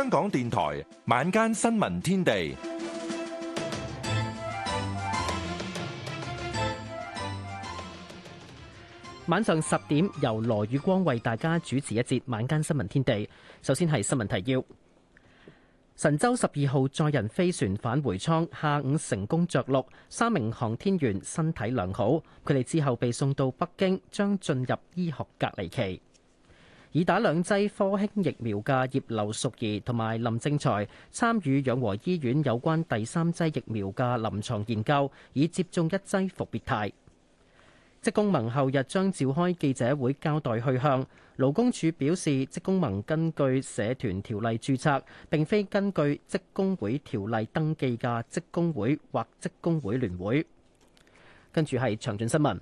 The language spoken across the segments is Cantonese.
香港電台晚間新聞天地，晚上十點由羅宇光為大家主持一節晚間新聞天地。首先係新聞提要：神舟十二號載人飛船返回艙下午成功着陸，三名航天員身體良好，佢哋之後被送到北京，將進入醫學隔離期。已打兩劑科興疫苗嘅葉劉淑儀同埋林正財參與養和醫院有關第三劑疫苗嘅臨床研究，已接種一劑復必泰。職工盟後日將召開記者會交代去向。勞工處表示，職工盟根據社團條例註冊，並非根據職工會條例登記嘅職工會或職工會聯會。跟住係詳盡新聞。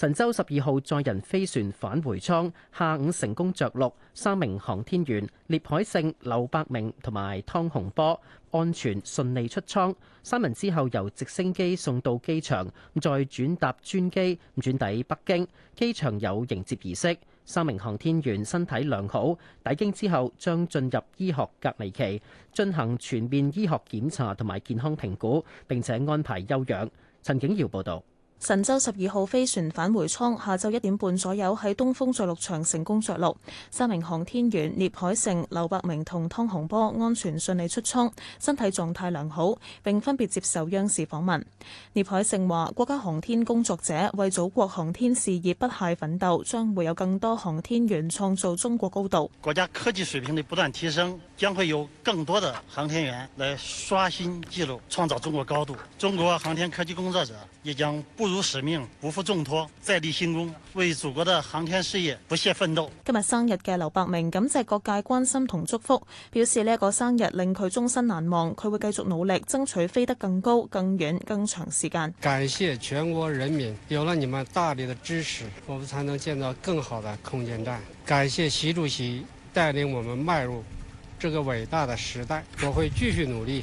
神舟十二號載人飛船返回艙下午成功着陸，三名航天員聶海勝、劉伯明同埋湯洪波安全順利出艙。三人之後由直升機送到機場，再轉搭專機，咁轉抵北京。機場有迎接儀式。三名航天員身體良好，抵京之後將進入醫學隔離期，進行全面醫學檢查同埋健康評估，並且安排休養。陳景耀報道。神舟十二號飛船返回艙下晝一點半左右喺東風著陸場成功著陸，三名航天員聶海勝、劉伯明同湯洪波安全順利出艙，身體狀態良好，並分別接受央視訪問。聶海勝話：國家航天工作者為祖國航天事業不懈奮鬥，將會有更多航天員創造中國高度。國家科技水平的不斷提升，將會有更多的航天員來刷新紀錄，創造中國高度。中國航天科技工作者。也將不辱使命，不負重託，再立新功，為祖國的航天事業不懈奮鬥。今日生日嘅劉伯明感謝各界關心同祝福，表示呢個生日令佢終身難忘，佢會繼續努力，爭取飛得更高、更遠、更長時間。感謝全國人民，有了你們大力的支持，我們才能建造更好的空間站。感謝習主席帶領我們邁入這個偉大的時代，我會繼續努力。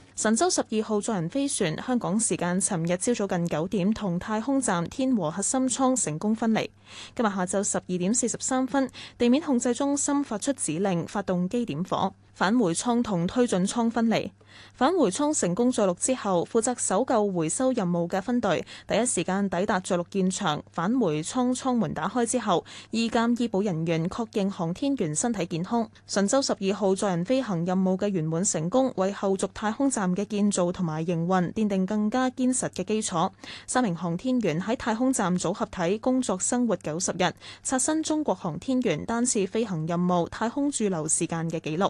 神舟十二號載人飛船，香港時間尋日朝早近九點，同太空站天和核心艙成功分離。今日下晝十二點四十三分，地面控制中心發出指令，發動機點火。返回艙同推進艙分離。返回艙成功着陸之後，負責搜救回收任務嘅分隊第一時間抵達着陸現場。返回艙艙門打開之後，醫監醫保人員確認航天員身體健康。神舟十二號載人飛行任務嘅圓滿成功，為後續太空站嘅建造同埋營運奠定更加堅實嘅基礎。三名航天員喺太空站組合體工作生活九十日，刷新中國航天員單次飛行任務太空駐留時間嘅紀錄。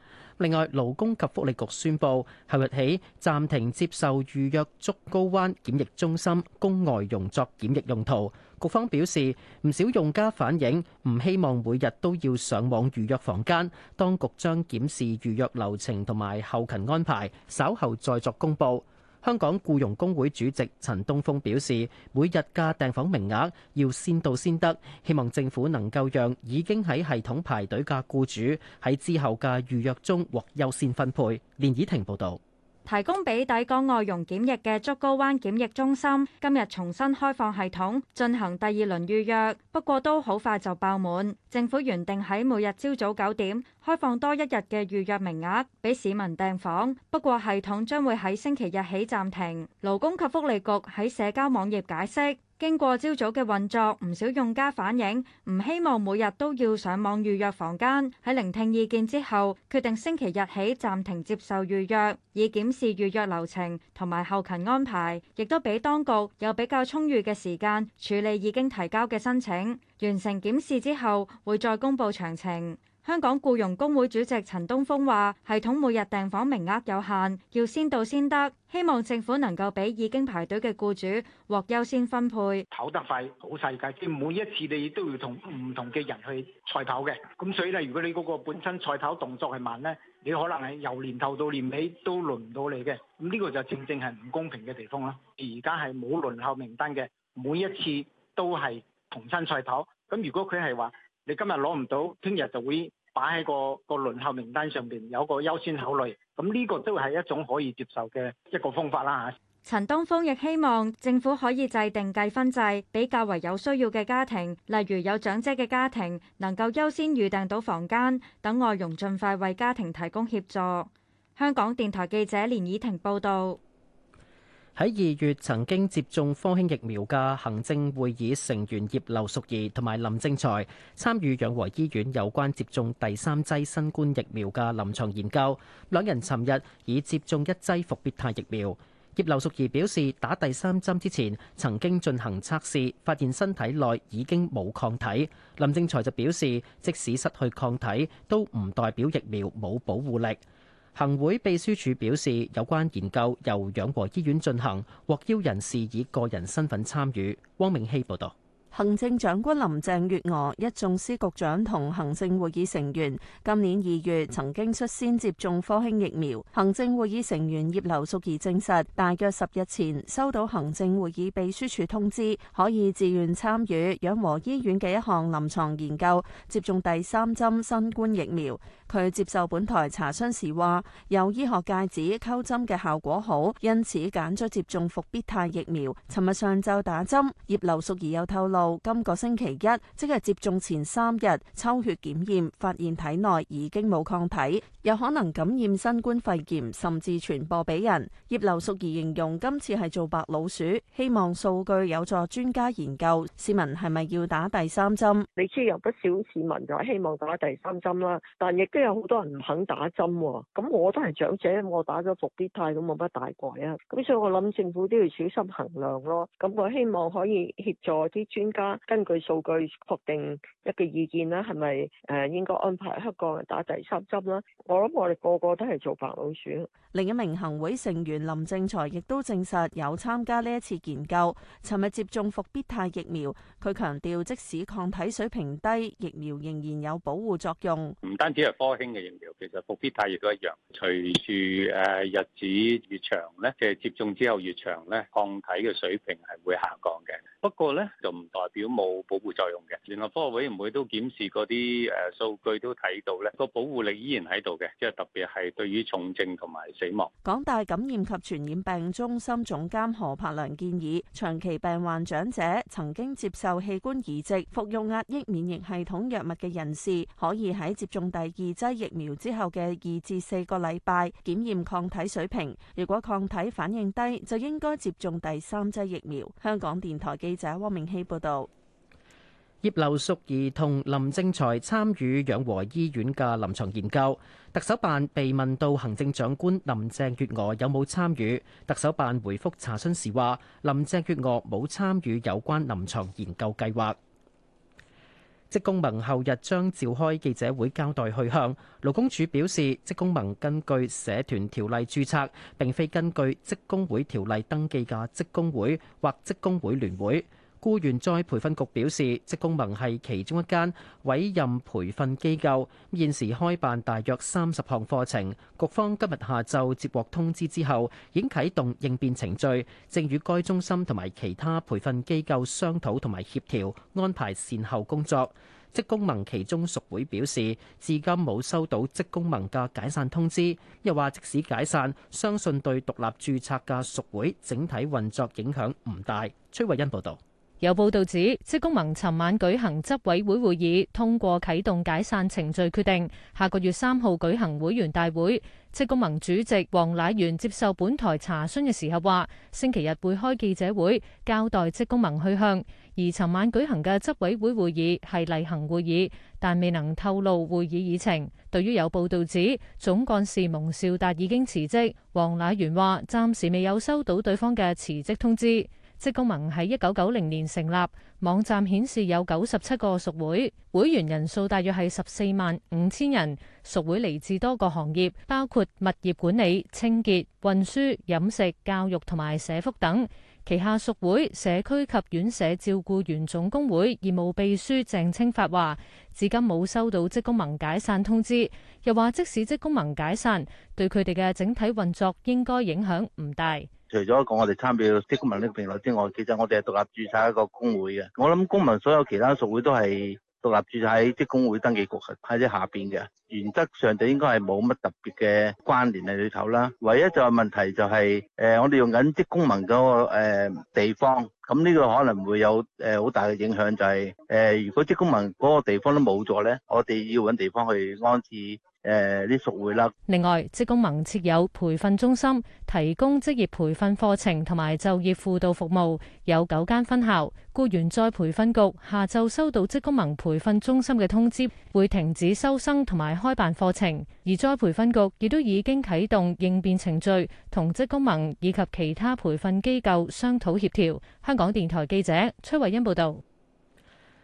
另外，勞工及福利局宣布，後日起暫停接受預約竹篙灣檢疫中心供外傭作檢疫用途。局方表示，唔少用家反映唔希望每日都要上網預約房間，當局將檢視預約流程同埋後勤安排，稍後再作公佈。香港僱傭工會主席陳東峰表示，每日嘅訂房名額要先到先得，希望政府能夠讓已經喺系統排隊嘅僱主喺之後嘅預約中獲優先分配。連綺婷報道。提供俾抵港外傭檢疫嘅竹篙灣檢疫中心，今日重新開放系統進行第二輪預約，不過都好快就爆滿。政府原定喺每日朝早九點開放多一日嘅預約名額俾市民訂房，不過系統將會喺星期日起暫停。勞工及福利局喺社交網頁解釋。經過朝早嘅運作，唔少用家反映唔希望每日都要上網預約房間。喺聆聽意見之後，決定星期日起暫停接受預約，以檢視預約流程同埋後勤安排，亦都俾當局有比較充裕嘅時間處理已經提交嘅申請。完成檢視之後，會再公布詳情。香港僱傭工會主席陳東峰話，系統每日訂房名額有限，要先到先得。希望政府能夠俾已經排隊嘅僱主獲優先分配。跑得快，好世界，即每一次你都要同唔同嘅人去賽跑嘅。咁所以咧，如果你嗰個本身賽跑動作係慢咧，你可能係由年頭到年尾都輪唔到你嘅。咁呢個就正正係唔公平嘅地方啦。而家係冇輪候名單嘅，每一次都係重新賽跑。咁如果佢係話，你今日攞唔到，聽日就會擺喺個個輪候名單上邊，有個優先考慮。咁呢個都係一種可以接受嘅一個方法啦。吓，陳東峰亦希望政府可以制定計分制，俾較為有需要嘅家庭，例如有長者嘅家庭，能夠優先預訂到房間等，外傭盡快為家庭提供協助。香港電台記者連綺婷報道。喺二月曾經接種科興疫苗嘅行政會議成員葉劉淑儀同埋林正財參與養和醫院有關接種第三劑新冠疫苗嘅臨床研究，兩人尋日已接種一劑復必泰疫苗。葉劉淑儀表示，打第三針之前曾經進行測試，發現身體內已經冇抗體。林正財就表示，即使失去抗體，都唔代表疫苗冇保護力。行會秘書處表示，有關研究由養和醫院進行，獲邀人士以個人身份參與。汪明希報道。行政長官林鄭月娥，一眾司局長同行政會議成員今年二月曾經率先接種科興疫苗。行政會議成員葉劉淑儀證實，大約十日前收到行政會議秘書處通知，可以自願參與養和醫院嘅一項臨床研究，接種第三針新冠疫苗。佢接受本台查詢時話，有醫學界指溝針嘅效果好，因此揀咗接種復必泰疫苗。尋日上晝打針，葉劉淑儀又透露。今個星期一，即係接種前三日抽血檢驗，發現體內已經冇抗體，有可能感染新冠肺炎，甚至傳播俾人。葉劉淑儀形容今次係做白老鼠，希望數據有助專家研究，市民係咪要打第三針？你知有不少市民就希望打第三針啦，但亦都有好多人唔肯打針喎。咁我都係長者，我打咗伏必泰，咁冇乜大礙啊。咁所以我諗政府都要小心衡量咯。咁我希望可以協助啲專。家根據數據確定一個意見啦，係咪誒應該安排香港人打第三針啦？我諗我哋個個都係做白老鼠。另一名行會成員林正財亦都證實有參加呢一次研究，尋日接種復必泰疫苗。佢強調，即使抗體水平低，疫苗仍然有保護作用。唔單止係科興嘅疫苗，其實復必泰亦都一樣，隨住誒日子越長咧，即係接種之後越長咧，抗體嘅水平係會下降嘅。不過咧，就唔同。代表冇保護作用嘅，聯合科學委員會都檢視嗰啲誒數據都睇到咧，個保護力依然喺度嘅，即係特別係對於重症同埋死亡。港大感染及傳染病中心總監何柏良建議，長期病患長者、曾經接受器官移植、服用壓抑免疫，免疫系統藥物嘅人士，可以喺接種第二劑疫苗之後嘅二至四個禮拜檢驗抗體水平，如果抗體反應低，就應該接種第三劑疫苗。香港電台記者汪明希報道。葉劉淑儀同林正財參與養和醫院嘅臨床研究。特首辦被問到行政長官林鄭月娥有冇參與，特首辦回覆查詢時話，林鄭月娥冇參與有關臨床研究計劃。職工盟後日將召開記者會交代去向。勞工處表示，職工盟根據社團條例註冊，並非根據職工會條例登記嘅職工會或職工會聯會。僱員再培訓局表示，職工盟係其中一間委任培訓機構，現時開辦大約三十項課程。局方今日下晝接獲通知之後，已經啟動應變程序，正與該中心同埋其他培訓機構商討同埋協調安排善後工作。職工盟其中屬會表示，至今冇收到職工盟嘅解散通知，又話即使解散，相信對獨立註冊嘅屬會整體運作影響唔大。崔慧欣報導。有報道指，職工盟尋晚舉行執委會會議，通過啟動解散程序決定，下個月三號舉行會員大會。職工盟主席黃乃元接受本台查詢嘅時候話：星期日會開記者會交代職工盟去向。而尋晚舉行嘅執委會會議係例行會議，但未能透露會議議程。對於有報道指總幹事蒙兆達已經辭職，黃乃元話暫時未有收到對方嘅辭職通知。職工盟喺一九九零年成立，網站顯示有九十七個屬會，會員人數大約係十四萬五千人，屬會嚟自多個行業，包括物業管理、清潔、運輸、飲食、教育同埋社福等。旗下屬會社區及院舍照顧員總工會義務秘書鄭青發話：，至今冇收到職工盟解散通知，又話即使職工盟解散，對佢哋嘅整體運作應該影響唔大。除咗講我哋參與職工盟呢個平台之外，其實我哋係獨立註冊一個工會嘅。我諗工盟所有其他屬會都係獨立註冊喺職工會登記局喺啲下邊嘅，原則上就應該係冇乜特別嘅關聯喺裏頭啦。唯一就係問題就係、是、誒，我哋用緊職工盟嗰個地方，咁呢個可能會有誒好大嘅影響，就係、是、誒、呃、如果職工盟嗰個地方都冇咗咧，我哋要揾地方去安置。誒，啲屬會啦。另外，職工盟設有培訓中心，提供職業培訓課程同埋就業輔導服務，有九間分校。僱員再培訓局下晝收到職工盟培訓中心嘅通知，會停止收生同埋開辦課程，而再培訓局亦都已經啟動應變程序，同職工盟以及其他培訓機構商討協調。香港電台記者崔慧欣報道。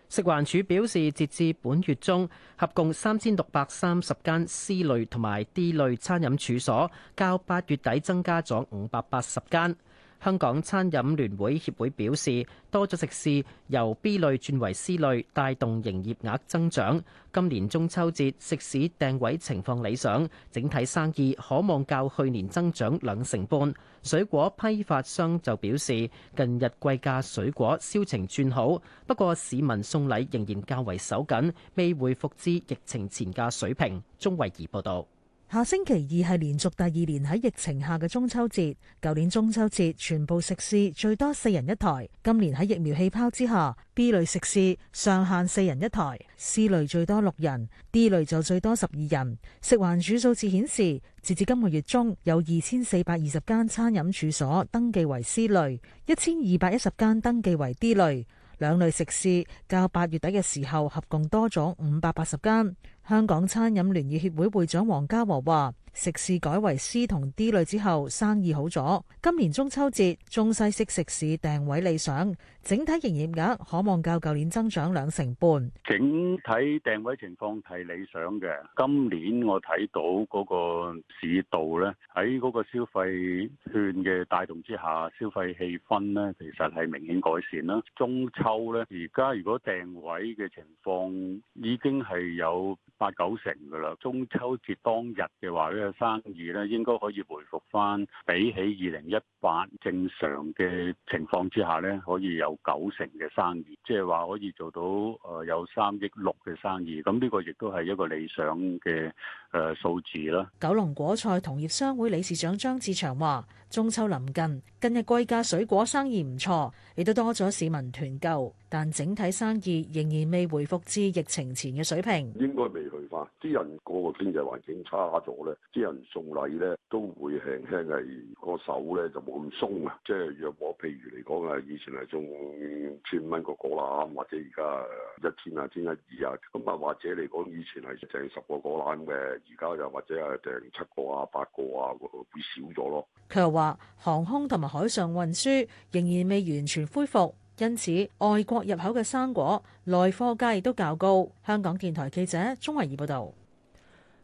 食環署表示，截至本月中，合共三千六百三十間 C 類同埋 D 類餐飲處所，較八月底增加咗五百八十間。香港餐飲聯會協會表示，多咗食肆由 B 類轉為 C 類，帶動營業額增長，今年中秋節食肆訂位情況理想，整體生意可望較去年增長兩成半。水果批發商就表示，近日貴價水果銷情轉好，不過市民送禮仍然較為手緊，未回復至疫情前嘅水平。鍾慧儀報道。下星期二係連續第二年喺疫情下嘅中秋節。舊年中秋節全部食肆最多四人一台，今年喺疫苗氣泡之下，B 類食肆上限四人一台，C 類最多六人，D 類就最多十二人。食環署數字顯示，截至今個月中，有二千四百二十間餐飲處所登記為 C 類，一千二百一十間登記為 D 類，兩類食肆較八月底嘅時候合共多咗五百八十間。香港餐飲聯誼協會會長黃家和話：食肆改為 C 同 D 類之後，生意好咗。今年中秋節中西式食肆訂位理想，整體營業額可望較舊年增長兩成半。整體訂位情況係理想嘅。今年我睇到嗰個市道咧，喺嗰個消費券嘅帶動之下，消費氣氛呢其實係明顯改善啦。中秋咧，而家如果訂位嘅情況已經係有。八九成嘅啦，中秋節當日嘅話咧、這個、生意咧，應該可以回復翻，比起二零一八正常嘅情況之下咧，可以有九成嘅生意，即係話可以做到誒、呃、有三億六嘅生意，咁呢個亦都係一個理想嘅。誒數字啦！九龍果菜同業商會理事長張志祥話：中秋臨近，近日貴價水果生意唔錯，亦都多咗市民團購，但整體生意仍然未回復至疫情前嘅水平。應該未去返，啲人個個經濟環境差咗咧，啲人送禮咧都會輕輕係個手咧就冇咁鬆啊！即係若果譬如嚟講啊，以前係送千蚊個果籃，或者而家一千啊千一二啊，咁啊或者嚟講以前係成十個果籃嘅。而家又或者係訂七個啊、八個啊，會少咗咯。佢又話：航空同埋海上運輸仍然未完全恢復，因此外國入口嘅生果，內貨價亦都較高。香港電台記者鍾慧儀報道。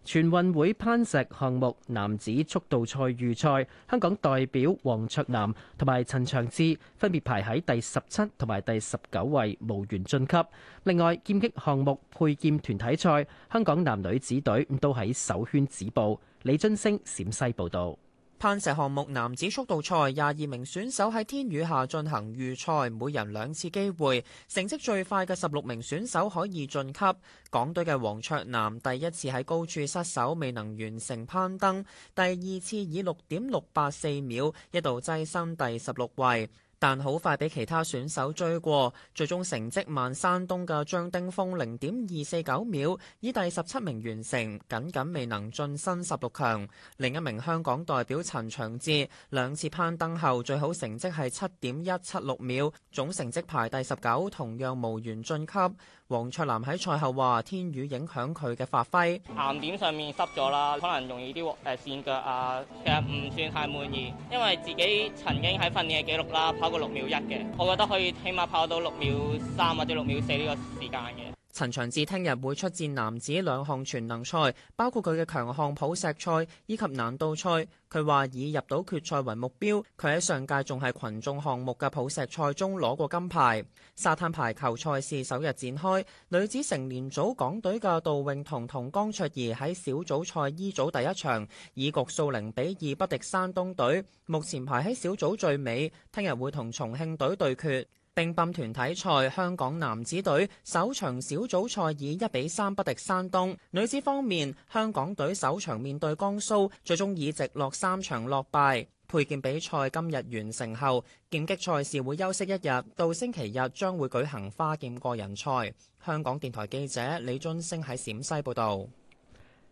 全運會攀石項目男子速度賽預賽，香港代表黃卓南同埋陳祥志分別排喺第十七同埋第十九位，無緣晉級。另外劍擊項目佩劍團體賽，香港男女子隊都喺首圈止步。李津星，陝西報導。攀石項目男子速度賽，廿二名選手喺天雨下進行預賽，每人兩次機會，成績最快嘅十六名選手可以晉級。港隊嘅黃卓南第一次喺高處失手，未能完成攀登，第二次以六點六八四秒一度躋身第十六位。但好快俾其他選手追過，最終成績慢山東嘅張丁峰零點二四九秒，以第十七名完成，僅僅未能晉身十六強。另一名香港代表陳長志兩次攀登後，最好成績係七點一七六秒，總成績排第十九，同樣無緣晉級。黃卓南喺賽後話：天雨影響佢嘅發揮，巖點上面濕咗啦，可能容易啲誒跣腳啊。其實唔算太滿意，因為自己曾經喺訓練嘅記錄啦，跑過六秒一嘅，我覺得可以起碼跑到六秒三或者六秒四呢個時間嘅。陳祥志聽日會出戰男子兩項全能賽，包括佢嘅強項普石賽以及難度賽。佢話以入到決賽為目標。佢喺上屆仲係群眾項目嘅普石賽中攞過金牌。沙灘排球賽事首日展開，女子成年組港隊嘅杜穎彤同江卓兒喺小組賽 E 組第一場，以局數零比二不敵山東隊，目前排喺小組最尾，聽日會同重慶隊對決。乒乓團體賽，香港男子隊首場小組賽以一比三不敵山東。女子方面，香港隊首場面對江蘇，最終以直落三場落敗。佩劍比賽今日完成後，劍擊賽事會休息一日，到星期日將會舉行花劍個人賽。香港電台記者李津升喺陝西報道。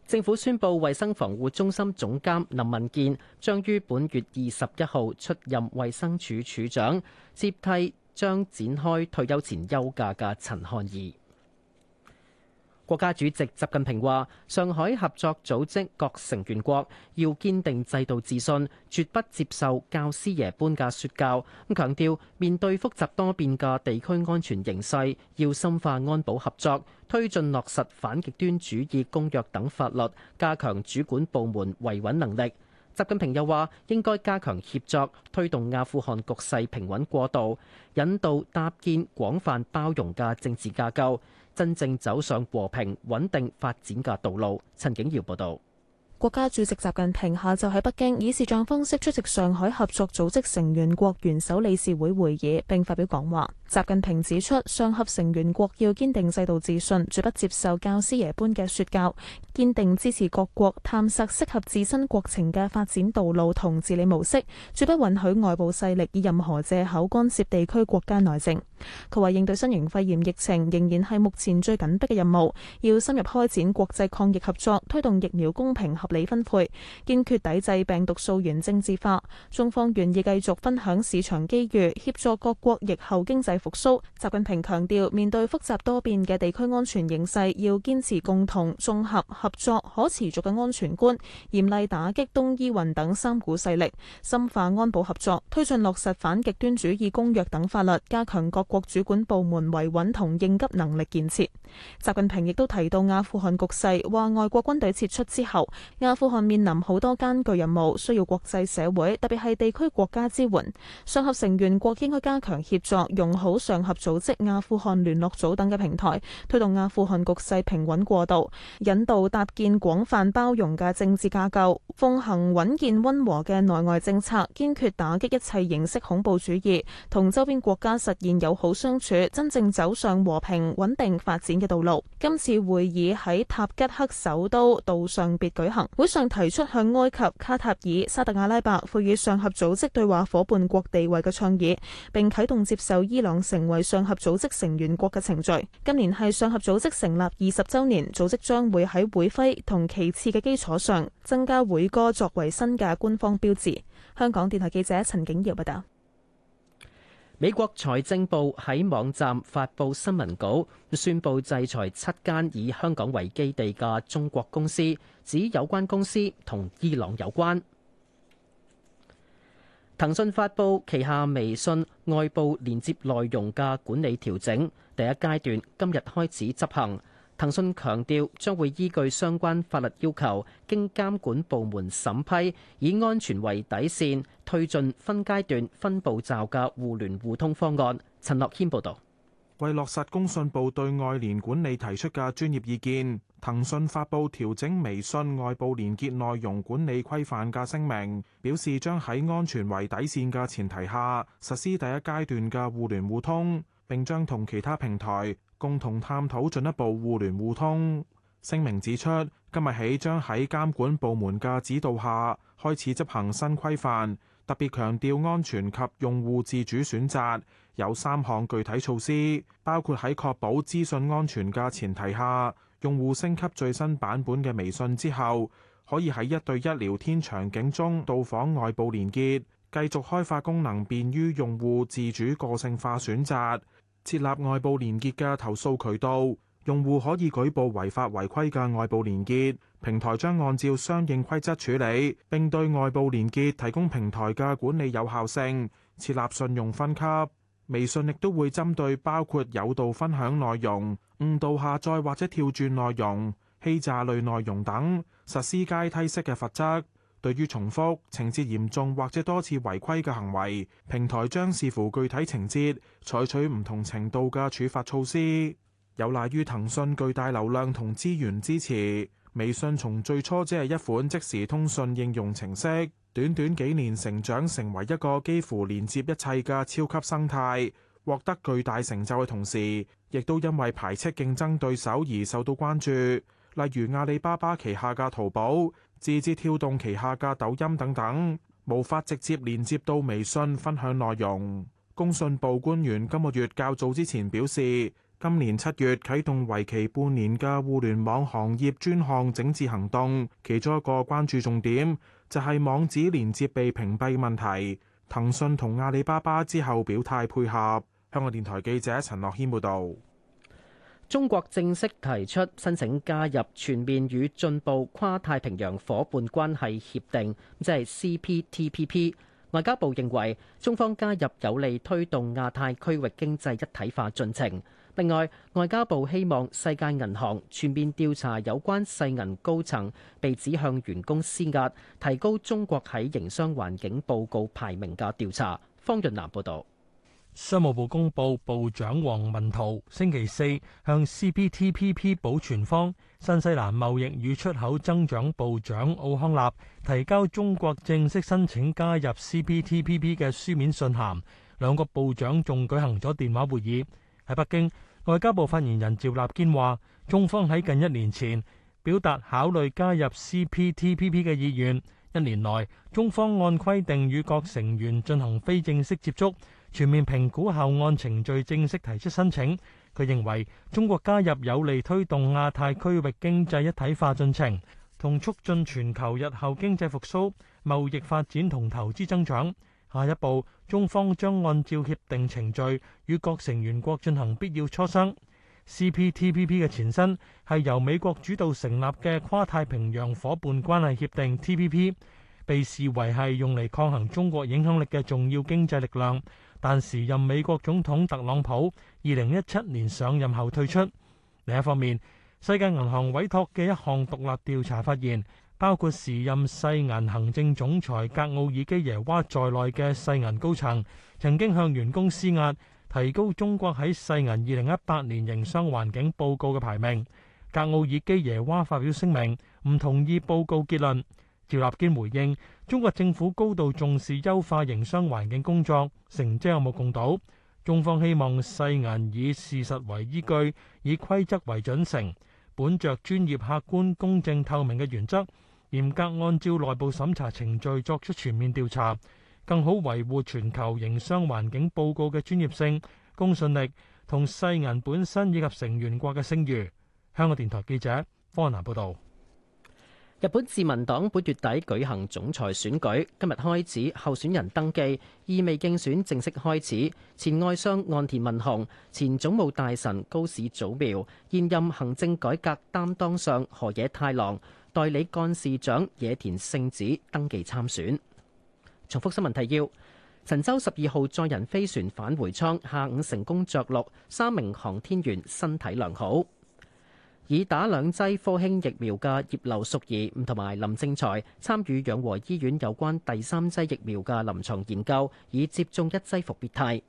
政府宣布，衛生防護中心總監林文健將於本月二十一號出任衛生署署長，接替將展開退休前休假嘅陳漢儀。國家主席習近平話，上海合作組織各成員國要堅定制度自信，絕不接受教師爺般嘅說教。咁強調，面對複雜多變嘅地區安全形勢，要深化安保合作，推進落實反極端主義公約等法律，加強主管部門維穩能力。習近平又話，應該加強協作，推動阿富汗局勢平穩過渡，引導搭建廣泛包容嘅政治架構，真正走上和平、穩定、發展嘅道路。陳景堯報道。國家主席習近平下晝喺北京，以視像方式出席上海合作組織成員國元首理事會會議，並發表講話。習近平指出，上合成員國要堅定制度自信，絕不接受教師爺般嘅說教；堅定支持各國探索適合自身國情嘅發展道路同治理模式，絕不允許外部勢力以任何借口干涉地區國家內政。佢話應對新型肺炎疫情仍然係目前最緊迫嘅任務，要深入開展國際抗疫合作，推動疫苗公平合理分配，堅決抵制病毒溯源政治化。中方願意繼續分享市場機遇，協助各國疫後經濟復蘇。習近平強調，面對複雜多變嘅地區安全形勢，要堅持共同、綜合、合作、可持續嘅安全觀，嚴厲打擊東伊運等三股勢力，深化安保合作，推進落實反極端主義公約等法律，加強各國主管部門維穩同應急能力建設。習近平亦都提到阿富汗局勢，話外國軍隊撤出之後，阿富汗面臨好多艱鉅任務，需要國際社會，特別係地區國家支援。上合成員國應該加強協助，用好。上合組織阿富汗聯絡組等嘅平台，推動阿富汗局勢平穩過渡，引導搭建廣泛包容嘅政治架構，奉行穩健温和嘅內外政策，堅決打擊一切形式恐怖主義，同周邊國家實現友好相處，真正走上和平穩定發展嘅道路。今次會議喺塔吉克首都杜尚別舉行，會上提出向埃及、卡塔爾、沙特阿拉伯賦予上合組織對話夥伴國地位嘅倡議，並啟動接受伊朗成為上合組織成員國嘅程序。今年係上合組織成立二十周年，組織將會喺會徽同其次嘅基礎上，增加會歌作為新嘅官方標誌。香港電台記者陳景瑤報道。美國財政部喺網站發佈新聞稿，宣布制裁七間以香港為基地嘅中國公司，指有關公司同伊朗有關。騰訊發布旗下微信外部連接內容嘅管理調整，第一階段今日開始執行。騰訊強調將會依據相關法律要求，經監管部門審批，以安全為底線，推進分階段、分步驟嘅互聯互通方案。陳樂謙報道。為落實工信部對外聯管理提出嘅專業意見。騰訊發布調整微信外部連結內容管理規範嘅聲明，表示將喺安全為底線嘅前提下實施第一階段嘅互聯互通，並將同其他平台共同探討進一步互聯互通。聲明指出，今日起將喺監管部門嘅指導下開始執行新規範，特別強調安全及用戶自主選擇，有三項具體措施，包括喺確保資訊安全嘅前提下。用戶升級最新版本嘅微信之後，可以喺一對一聊天場景中到訪外部連結，繼續開發功能便於用戶自主個性化選擇。設立外部連結嘅投訴渠道，用戶可以舉報違法違規嘅外部連結，平台將按照相應規則處理，並對外部連結提供平台嘅管理有效性。設立信用分級。微信亦都會針對包括誘導分享內容、誤導下載或者跳轉內容、欺詐類內容等，實施階梯式嘅罰則。對於重複、情節嚴重或者多次違規嘅行為，平台將視乎具體情節，採取唔同程度嘅處罰措施。有賴於騰訊巨大流量同資源支持。微信從最初只係一款即時通訊應用程式，短短幾年成長成為一個幾乎連接一切嘅超級生態，獲得巨大成就嘅同時，亦都因為排斥競爭對手而受到關注，例如阿里巴巴旗下嘅淘寶、字節跳動旗下嘅抖音等等，無法直接連接到微信分享內容。工信部官員今個月較早之前表示，今年七月啟動為期半年嘅互聯網行業專項整治行動，其中一個關注重點就係、是、網址鏈接被屏蔽問題。騰訊同阿里巴巴之後表態配合。香港電台記者陳諾謙報道。中國正式提出申請加入全面與進步跨太平洋伙伴關係協定，即係 CPTPP。外交部認為，中方加入有利推動亞太區域經濟一體化進程。另外，外交部希望世界銀行全面調查有關世銀高層被指向員工施壓、提高中國喺營商環境報告排名嘅調查。方潤南報道。商務部公布部長王文濤星期四向 CPTPP 保存方新西蘭貿易與出口增長部長奧康納提交中國正式申請加入 CPTPP 嘅書面信函。兩個部長仲舉行咗電話會議喺北京。外交部發言人趙立堅話，中方喺近一年前表達考慮加入 CPTPP 嘅意願，一年內中方按規定與各成員進行非正式接觸，全面評估後按程序正式提出申請。佢認為中國加入有利推動亞太區域經濟一體化進程，同促進全球日後經濟復甦、貿易發展同投資增長。下一步，中方將按照協定程序與各成員國進行必要磋商。CPTPP 嘅前身係由美國主導成立嘅跨太平洋夥伴關係協定 （TPP），被視為係用嚟抗衡中國影響力嘅重要經濟力量，但時任美國總統特朗普二零一七年上任後退出。另一方面，世界銀行委託嘅一項獨立調查發現。包括時任世銀行政總裁格奧爾基耶娃在內嘅世銀高層曾經向員工施壓，提高中國喺世銀二零一八年營商環境報告嘅排名。格奧爾基耶娃發表聲明，唔同意報告結論。趙立堅回應：中國政府高度重視優化營商環境工作，成績有目共睹。中方希望世銀以事實為依據，以規則為準繩，本着專業、客觀、公正、透明嘅原則。嚴格按照內部審查程序作出全面調查，更好維護全球營商環境報告嘅專業性、公信力同世銀本身以及成員國嘅聲譽。香港電台記者方南報道。日本自民黨本月底舉行總裁選舉，今日開始候選人登記，意味競選正式開始。前外相岸田文雄、前總務大臣高市早苗、現任行政改革擔當相河野太郎、代理幹事長野田聖子登記參選。重複新聞提要：神舟十二號載人飛船返回艙下午成功着陸，三名航天員身體良好。已打兩劑科興疫苗嘅葉劉淑儀同埋林正財參與養和醫院有關第三劑疫苗嘅臨床研究，已接種一劑復必泰。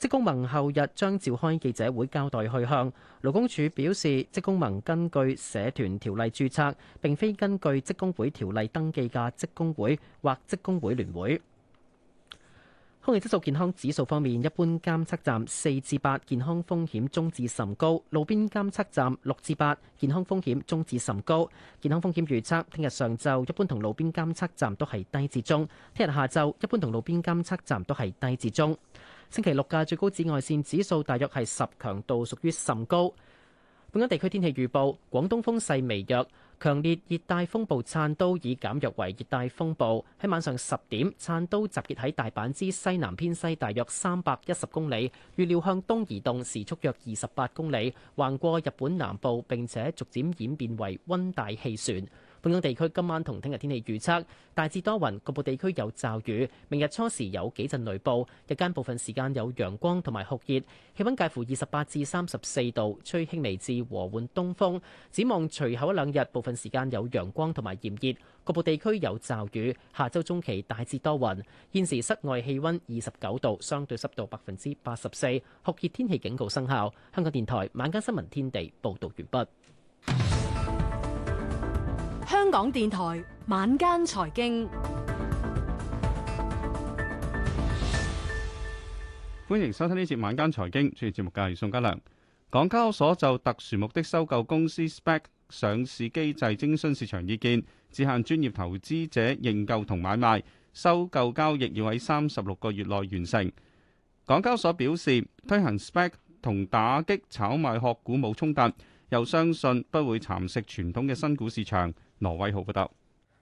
職工盟後日將召開記者會交代去向。勞工處表示，職工盟根據社團條例註冊，並非根據職工會條例登記嘅職工會或職工會聯會。空氣質素健康指數方面，一般監測站四至八，健康風險中至甚高邊監測；路邊監測站六至八，健康風險中至甚高。健康風險預測：聽日上晝一般同路邊監測站都係低至中；聽日下晝一般同路邊監測站都係低至中。星期六嘅最高紫外線指數大約係十，強度屬於甚高。本港地區天氣預報，廣東風勢微弱，強烈熱帶風暴燦都已減弱為熱帶風暴。喺晚上十點，燦都集結喺大阪之西南偏西大約三百一十公里，預料向東移動，時速約二十八公里，橫過日本南部，並且逐漸演變為温帶氣旋。本港地區今晚同聽日天氣預測大致多雲，局部地區有驟雨。明日初時有幾陣雷暴，日間部分時間有陽光同埋酷熱，氣温介乎二十八至三十四度，吹輕微至和緩東風。展望隨後一兩日，部分時間有陽光同埋炎熱，局部地區有驟雨。下週中期大致多雲。現時室外氣温二十九度，相對濕度百分之八十四，酷熱天氣警告生效。香港電台晚間新聞天地報道完畢。香港電台晚間財經，歡迎收聽呢節晚間財經。主持節目嘅係宋家良。港交所就特殊目的收購公司 spec 上市機制徵詢市場意見，只限專業投資者認購同買賣。收購交易要喺三十六個月內完成。港交所表示推行 spec 同打擊炒賣殼股冇衝突，又相信不會蠶食傳統嘅新股市場。挪威號報道，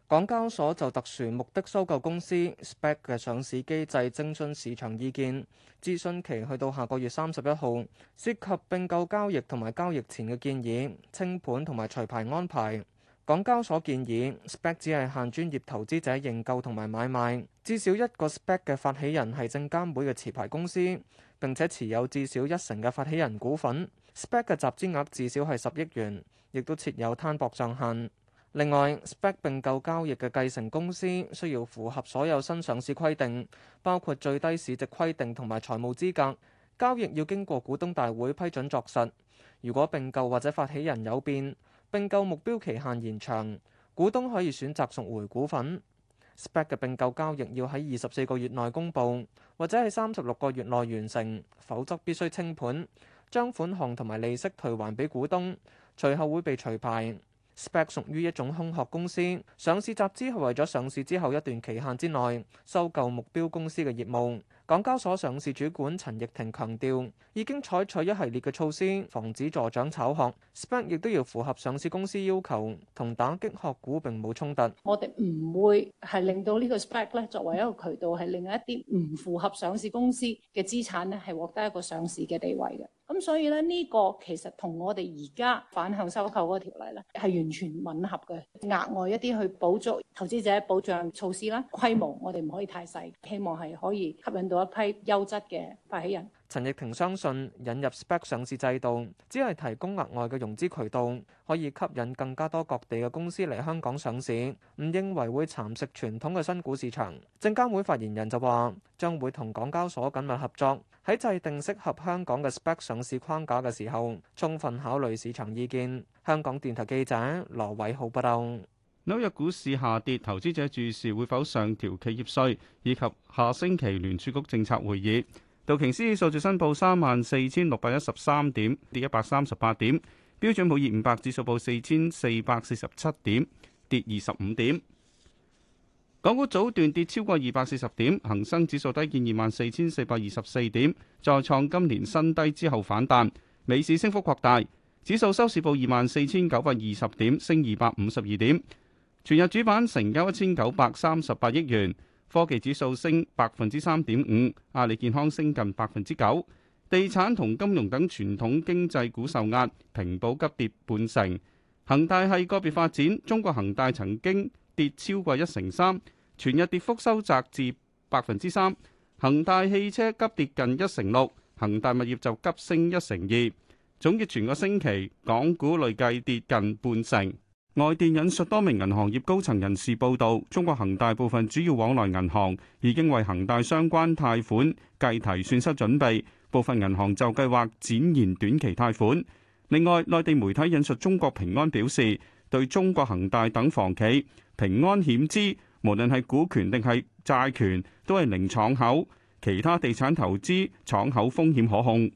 港交所就特殊目的收購公司 SPAC 嘅上市機制徵詢市場意見，諮詢期去到下個月三十一號，涉及併購交易同埋交易前嘅建議、清盤同埋除牌安排。港交所建議 SPAC 只係限專業投資者認購同埋買賣，至少一個 SPAC 嘅發起人係證監會嘅持牌公司，並且持有至少一成嘅發起人股份。SPAC 嘅集資額至少係十億元，亦都設有攤薄上限。另外，SPAC 併購交易嘅繼承公司需要符合所有新上市規定，包括最低市值規定同埋財務資格。交易要經過股東大會批准作實。如果併購或者發起人有變，併購目標期限延長，股東可以選擇贖回股份。SPAC 嘅併購交易要喺二十四個月內公布，或者喺三十六個月內完成，否則必須清盤，將款項同埋利息退還俾股東，隨後會被除牌。SPAC 屬於一種空殼公司，上市集資係為咗上市之後一段期限之內收購目標公司嘅業務。港交所上市主管陳奕霆強調，已經採取一系列嘅措施防止助長炒殼。SPAC 亦都要符合上市公司要求，同打擊殼股並冇衝突。我哋唔會係令到呢個 SPAC 咧作為一個渠道係令一啲唔符合上市公司嘅資產咧係獲得一個上市嘅地位嘅。咁所以咧，呢個其實同我哋而家反向收購嗰個條例咧，係完全吻合嘅。額外一啲去補足投資者保障措施啦，規模我哋唔可以太細，希望係可以吸引到一批優質嘅發起人。陳奕霆相信引入 Spec 上市制度，只係提供額外嘅融資渠道，可以吸引更加多各地嘅公司嚟香港上市。唔認為會蠶食傳統嘅新股市場。證監會發言人就話，將會同港交所緊密合作喺制定適合香港嘅 Spec 上市框架嘅時候，充分考慮市場意見。香港電台記者羅偉浩報道。紐約股市下跌，投資者注視會否上調企業稅，以及下星期聯儲局政策會議。道瓊斯指數就新報三萬四千六百一十三點，跌一百三十八點；標準普爾五百指數報四千四百四十七點，跌二十五點。港股早段跌超過二百四十點，恒生指數低見二萬四千四百二十四點，再創今年新低之後反彈。尾市升幅擴大，指數收市報二萬四千九百二十點，升二百五十二點。全日主板成交一千九百三十八億元。科技指數升百分之三點五，阿里健康升近百分之九，地產同金融等傳統經濟股受壓，平保急跌半成，恒大係個別發展，中國恒大曾經跌超過一成三，全日跌幅收窄至百分之三，恒大汽車急跌近一成六，恒大物業就急升一成二，總結全個星期港股累計跌近半成。外電引述多名銀行業高層人士報道，中國恒大部分主要往來銀行已經為恒大相關貸款計提損失準備，部分銀行就計劃展延短期貸款。另外，內地媒體引述中國平安表示，對中國恒大等房企，平安險資無論係股權定係債權都係零敞口，其他地產投資敞口風險可控。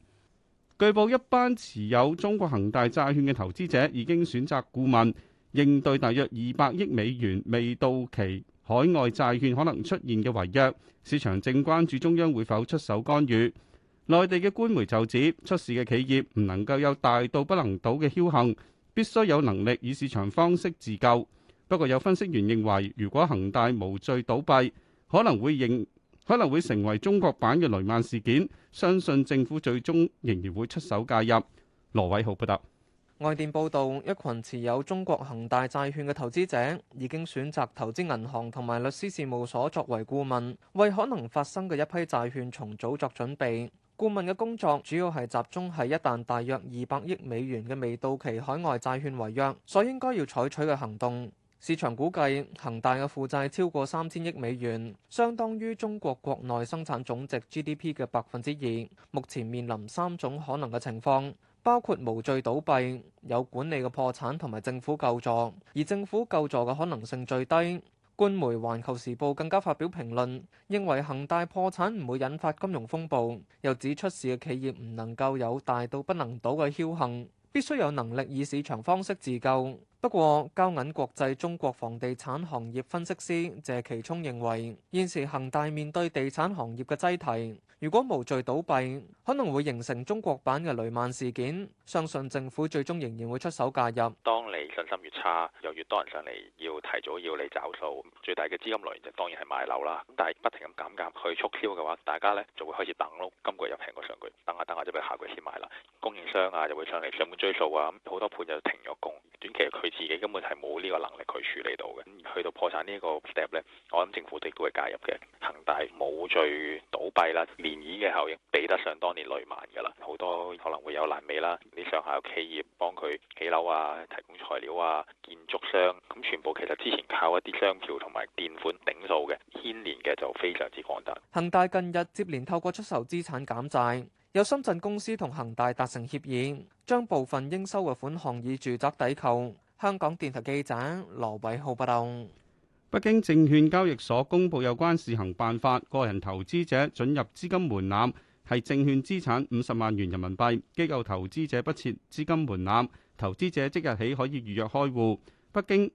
據報，一班持有中國恒大債券嘅投資者已經選擇顧問。應對大約二百億美元未到期海外債券可能出現嘅違約，市場正關注中央會否出手干預。內地嘅官媒就指，出事嘅企業唔能夠有大到不能倒嘅僥倖，必須有能力以市場方式自救。不過有分析員認為，如果恒大無罪倒閉，可能會認可能會成為中國版嘅雷曼事件，相信政府最終仍然會出手介入。羅偉浩報道。外電報道，一群持有中國恒大債券嘅投資者已經選擇投資銀行同埋律師事務所作為顧問，為可能發生嘅一批債券重組作準備。顧問嘅工作主要係集中喺一旦大約二百億美元嘅未到期海外債券違約，所以應該要採取嘅行動。市場估計，恒大嘅負債超過三千億美元，相當於中國國內生產總值 GDP 嘅百分之二。目前面臨三種可能嘅情況。包括無罪倒閉、有管理嘅破產同埋政府救助，而政府救助嘅可能性最低。官媒《環球時報》更加發表評論，認為恒大破產唔會引發金融風暴，又指出事嘅企業唔能夠有大到不能倒嘅僥倖，必須有能力以市場方式自救。不過，交銀國際中國房地產行業分析師謝其聰認為，現時恒大面對地產行業嘅擠提。如果無序倒閉，可能會形成中國版嘅雷曼事件。相信政府最終仍然會出手介入。當你信心越差，又越多人上嚟，要提早要你找數，最大嘅資金來源就當然係賣樓啦。但係不停咁減價去促銷嘅話，大家呢就會開始等咯。今個月又平過上個月，等，一等，一等下等下就係下個月先買啦。供應商啊就會上嚟上門追數啊，好多盤就停咗供，短期佢自己根本係冇呢個能力去處理到嘅。去到破產呢一個 step 呢，我諗政府都會介入嘅。恒大無序倒閉啦。便宜嘅效應比得上當年雷曼噶啦，好多可能會有爛尾啦，你上下游企業幫佢起樓啊，提供材料啊，建築商咁全部，其實之前靠一啲商票同埋墊款頂數嘅，牽連嘅就非常之廣大。恒大近日接連透過出售資產減債，有深圳公司同恒大達成協議，將部分應收嘅款項以住宅抵扣。香港電台記者羅偉浩報道。北京證券交易所公布有關試行辦法，個人投資者准入資金門檻，係證券資產五十萬元人民幣，機構投資者不設資金門檻，投資者即日起可以預約開戶。北京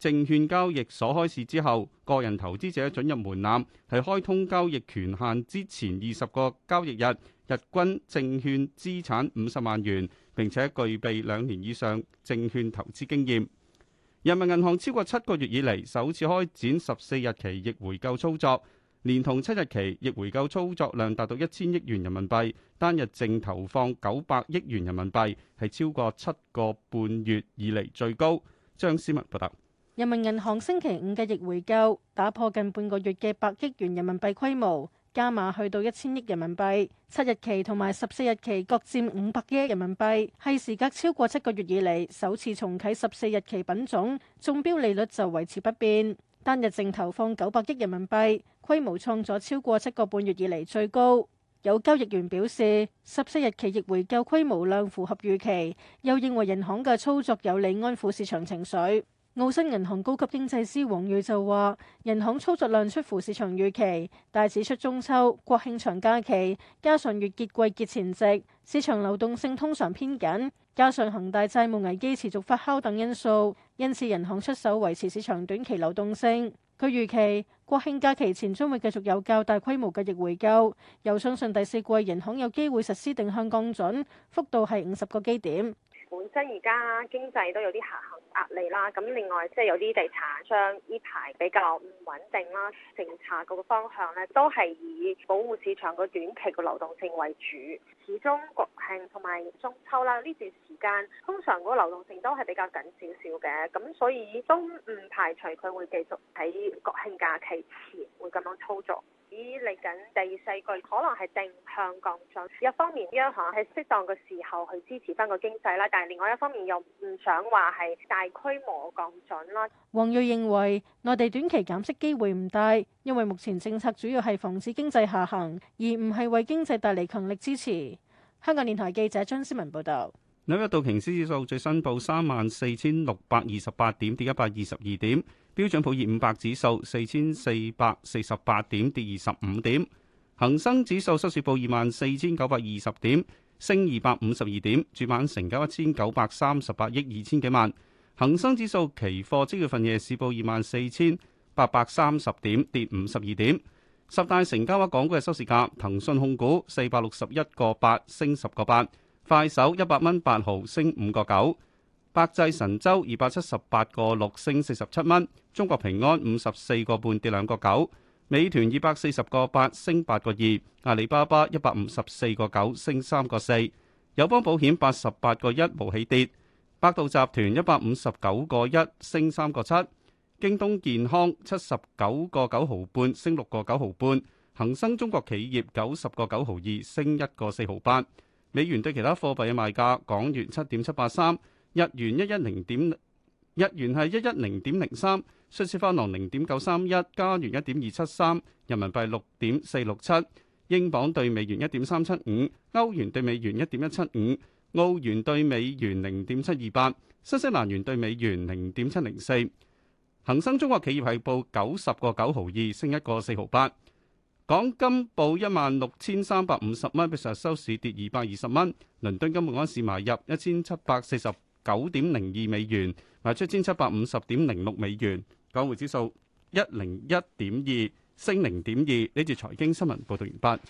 證券交易所開市之後，個人投資者准入門檻，係開通交易權限之前二十個交易日日均證券資產五十萬元，並且具備兩年以上證券投資經驗。人民銀行超過七個月以嚟首次開展十四日期逆回購操作，連同七日期逆回購操作量達到一千億元人民幣，單日淨投放九百億元人民幣，係超過七個半月以嚟最高。張思文報道，人民銀行星期五嘅逆回購打破近半個月嘅百億元人民幣規模。加碼去到一千億人民幣，七日期同埋十四日期各佔五百億人民幣，係時隔超過七個月以嚟首次重啟十四日期品種，中標利率就維持不變，單日淨投放九百億人民幣，規模創咗超過七個半月以嚟最高。有交易員表示，十四日期逆回購規模量符合預期，又認為銀行嘅操作有利安撫市場情緒。澳新銀行高級經濟師黃睿就話，銀行操作量出乎市場預期，大指出中秋、國慶長假期，加上月結季結前夕，市場流動性通常偏緊，加上恒大債務危機持續發酵等因素，因此銀行出手維持市場短期流動性。佢預期國慶假期前將會繼續有較大規模嘅逆回購，又相信第四季銀行有機會實施定向降準，幅度係五十個基點。本身而家經濟都有啲下行壓力啦，咁另外即係有啲地產商呢排比較唔穩定啦，政策個方向咧都係以保護市場個短期嘅流動性為主。始終國慶同埋中秋啦，呢段時間通常個流動性都係比較緊少少嘅，咁所以都唔排除佢會繼續喺國慶假期前會噉樣操作。以嚟緊第四季可能係定向降準，一方面央行喺適當嘅時候去支持翻個經濟啦，但係另外一方面又唔想話係大規模降準啦。黃睿認為內地短期減息機會唔大，因為目前政策主要係防止經濟下行，而唔係為經濟帶嚟強力支持。香港電台記者張思文報道，紐約道瓊斯指數最新報三萬四千六百二十八點，跌一百二十二點。標準普爾五百指數四千四百四十八點，跌二十五點，恒生指數收市報二萬四千九百二十點，升二百五十二點，主板成交一千九百三十八億二千幾萬。恒生指數期貨即月份夜市報二萬四千八百三十點，跌五十二點。十大成交額港股嘅收市價，騰訊控股四百六十一個八升十個八，快手一百蚊八毫升五個九。百濟神州二百七十八個六升四十七蚊，中國平安五十四個半跌兩個九，美團二百四十個八升八個二，阿里巴巴一百五十四個九升三個四，友邦保險八十八個一冇起跌，百度集團一百五十九個一升三個七，京東健康七十九個九毫半升六個九毫半，恒生中國企業九十個九毫二升一個四毫八，美元對其他貨幣嘅賣價，港元七點七八三。日元一一零點，日元係一一零點零三，瑞士法郎零點九三一，加元一點二七三，人民幣六點四六七，英鎊對美元一點三七五，歐元對美元一點一七五，澳元對美元零點七二八，新西蘭元對美元零點七零四。恆生中國企業係報九十個九毫二，升一個四毫八。港金報一萬六千三百五十蚊，比上日收市跌二百二十蚊。倫敦金每盎司買入一千七百四十九點零二美元，賣出一千七百五十點零六美元。港匯指數一零一點二，2，升零點二。呢段財經新聞報道完畢。